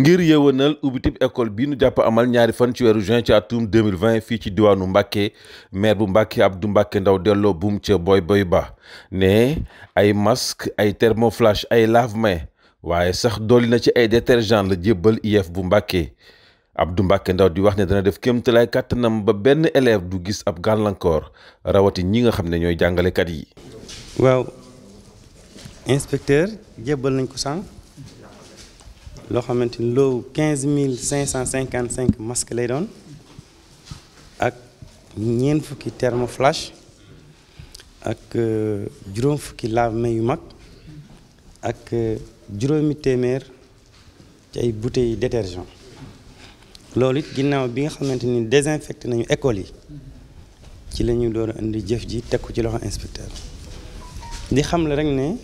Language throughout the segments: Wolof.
ngir yëwanal ubbitib école bi nu jàpp amal ñaari fan ci weeru juin ci atum fii ci diwaanu Mbàkke maire bu Mbàkke Abdou Mbàkke Ndaw delloo buum ca boy boy ba ne ay masque ay thermoflash ay lave waaye sax dolli na ci ay détergent la jébbal IEF bu Mbàkke Abdou Mbacke Ndaw di wax ne dana def kéemtalaay kàttanam ba ben élève du gis ab gàllankoor rawati ñi nga xam ñoy ñooy kat yi. waaw inspecteur jébbal nañ ko sang lo xamanteni lo 15555 quinze masques lay don ak ñeent fukki thermoflash ak euh, juróom fukki lave main yu mag ak euh, juróomi témèr ci ay bouteilles détergent loolu it ginnaaw bi nga xamante ni désinfecté nañu école yi ci la ñu door a indi jëf ji teg ko ci loxo inspecteur di xam la rek ne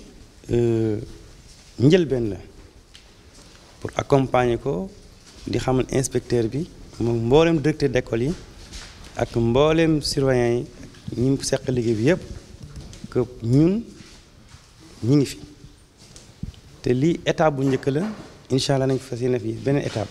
njëlbeen la pour accompagner ko di xamal inspecteur bi moom mbooleem directeur d'école yi ak mbooleem surveillant yi ñi seq liggéey bi yëpp que ñun ñi ngi fi te lii étape bu njëkk la incha allah nañ fas yéene fi beneen étape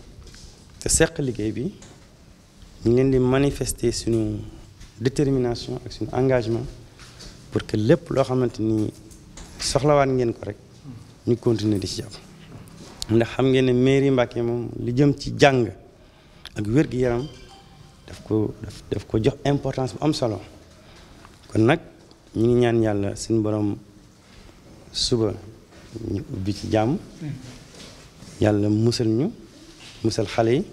te seq liggéey bi ñu ngi leen di manifester suñu détermination ak suñu engagement pour que lépp loo xamante ni soxlawaat ngeen ko rek ñu continuer di ci jàpp ndax xam ngeen ne mairie Mbacké moom li jëm ci jàng ak wér-gi-yaram daf ko daf ko jox importance bu am solo kon nag ñu ngi ñaan yàlla suñu borom suba ñu ubbi ci jàmm mm. yàlla musal ñu musal xale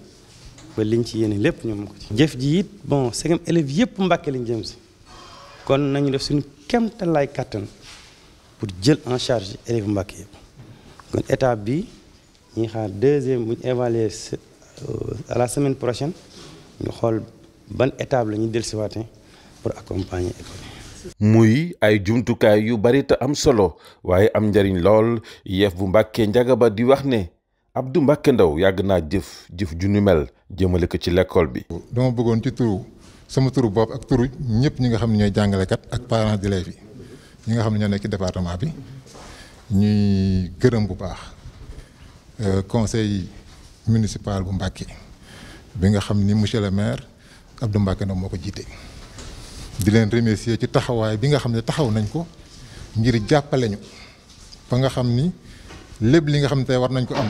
ba liñ ci yéene lépp ñoom ko ci jëf ji it bon segam élève yépp mbacké liñ jëm ci kon nañu def suñu kemtalaay kàttan pour jël en charge élève mbacké yépp kon étape bi ñi xaar deuxième bu ñu évaluer euh, à la semaine prochaine ñu xol ban étape la ñuy waté pour accompagner école muy ay jumtukaay yu bari te am solo waaye am njariñ lool yef bu Mbàkke Njaga Ba di wax ne Abdou Mbacke Ndaw yag na jëf jëf ju nu mel jëmele ko ci l'école bi. dama bëggoon ci turu sama turu bopp ak turu ñëpp ñi nga xam ne kat ak parents d'élèves yi ñi nga xam ñoo nekk département bi ñuy gërëm bu baax euh, conseil municipal bu Mbacke bi nga xam ni monsieur le maire Abdou Mbacke Ndaw moo ko jiite. di leen remercier ci taxawaay bi nga xam ne taxaw nañ ko ngir ñu nga xam ni li nga xam ne war nañ ko am.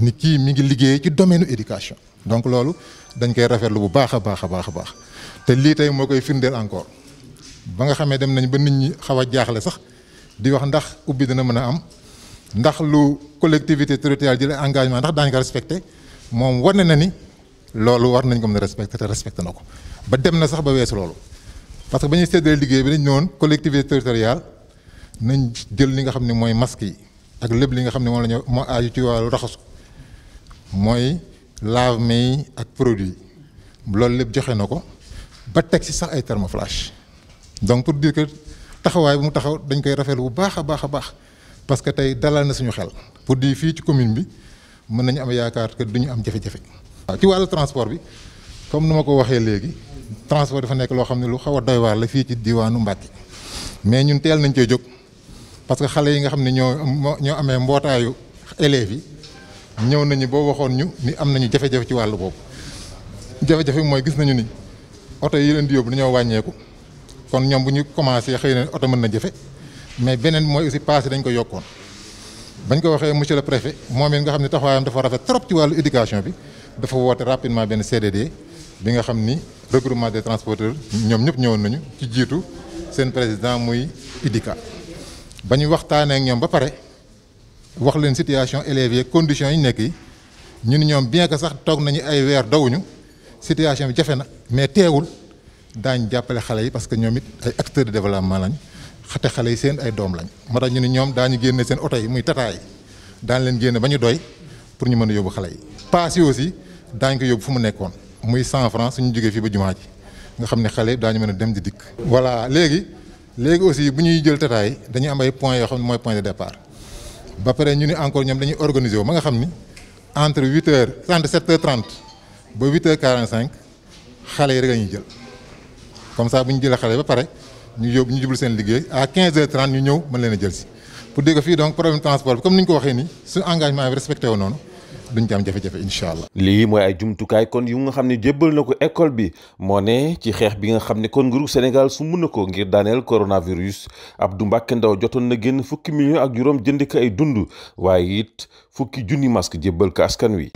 ni ki mi ngi liggéey ci domaine éducation donc loolu dañ koy rafetlu bu baax a baax a baax a baax te lii tey moo koy firndeel encore ba nga xamee dem nañ ba nit ñi xaw a jaaxle sax di wax ndax ubbi dina mën a am ndax lu collectivité territoriale jëlee engagement ndax daañ ko respecté moom war na ni loolu war nañ ko mën a respecté te respecté na ko ba dem na sax ba weesu loolu parce que ba ñuy séddale liggéey bi dañ ñëwoon collectivité territoriale nañ jël li nga xam ne mooy masque yi ak lépp li nga xam ne moom la ñu moo aaju ci wàllu raxasu moy lave-mains ak produit lolou lepp joxe nako ba tek ci sax ay thermoflash donc pour dire que taxaway bu mu taxaw dañ koy rafel bu baakha baakha baax parce que tay dalal na suñu xel pour di fi ci commune bi meun nañ am yaakar que duñu am jafé jafé ci walu transport bi comme nu ma ko waxee léegi transport dafa nek lo xamni lu xawa doy war la fi ci diwanu Mbacké mais ñun teel nañ cee jog parce que xalé yi nga xamni ño ño amé amee élève yi. ñëw nañu boo waxoon ñu ni am nañu jafe-jafe ci wàllu boobu jafe-jafe mooy gis nañu ni oto yi leen di yóbbu dañoo wàññeeku kon ñoom bu ñu commencé xëy na oto mën na jafe mais beneen mooy aussi passé dañ ko yokkoon bañ ko waxee monsieur le préfet moom it nga xam ne taxawaayam dafa rafet trop ci wàllu éducation bi dafa woote rapidement benn CDD bi nga xam ni regroupement des transporteurs ñoom ñëpp ñëwoon nañu ci jiitu seen président muy IDICA ba ñu waxtaanee ak ñoom ba pare. wax leen situation élèves yi conditions yi ñu nekk yi ñu ñoom bien que sax toog nañu ay weer dawuñu situation bi jafe na mais teewul daañ jàppale xale yi parce que ñoom it ay acteurs de développement lañ xate xale yi seen ay doom lañ moo tax ñu ni ñoom daañu génne seen oto yi muy tataa yi daan leen génne ba ñu doy pour ñu mën a yóbbu xale yi paas yi aussi daañ ko yóbbu fu mu nekkoon muy 100 francs suñu jógee fi ba jumaa ji nga xam ne xale yi daañu mën a dem di dikk voilà léegi léegi aussi bu ñuy jël tataa yi dañuy am ay points yoo xam ne mooy point de départ ba paré ñu encore organiser entre 8h 37h30 et 8h45 xalé rek jël comme ça buñu jël xalé ba paré ñu nous ñu jibul à 15h30 ñu ñëw leena pour dégager le fi donc problème transport comme nous ko waxé ce engagement engagement respecté ou duñ ci am jafe allah. lii mooy ay jumtukaay kon yu nga xam ne jébbal na ko école bi moo ne ci xeex bi nga xam ne kon nguru senegal su mun na ko ngir daaneel coronavirus du Mbacké ndaw jotoon na génn fukki million ak juróom jënd ko ay dund waaye it fukki junni masque jébbal ko askan wi.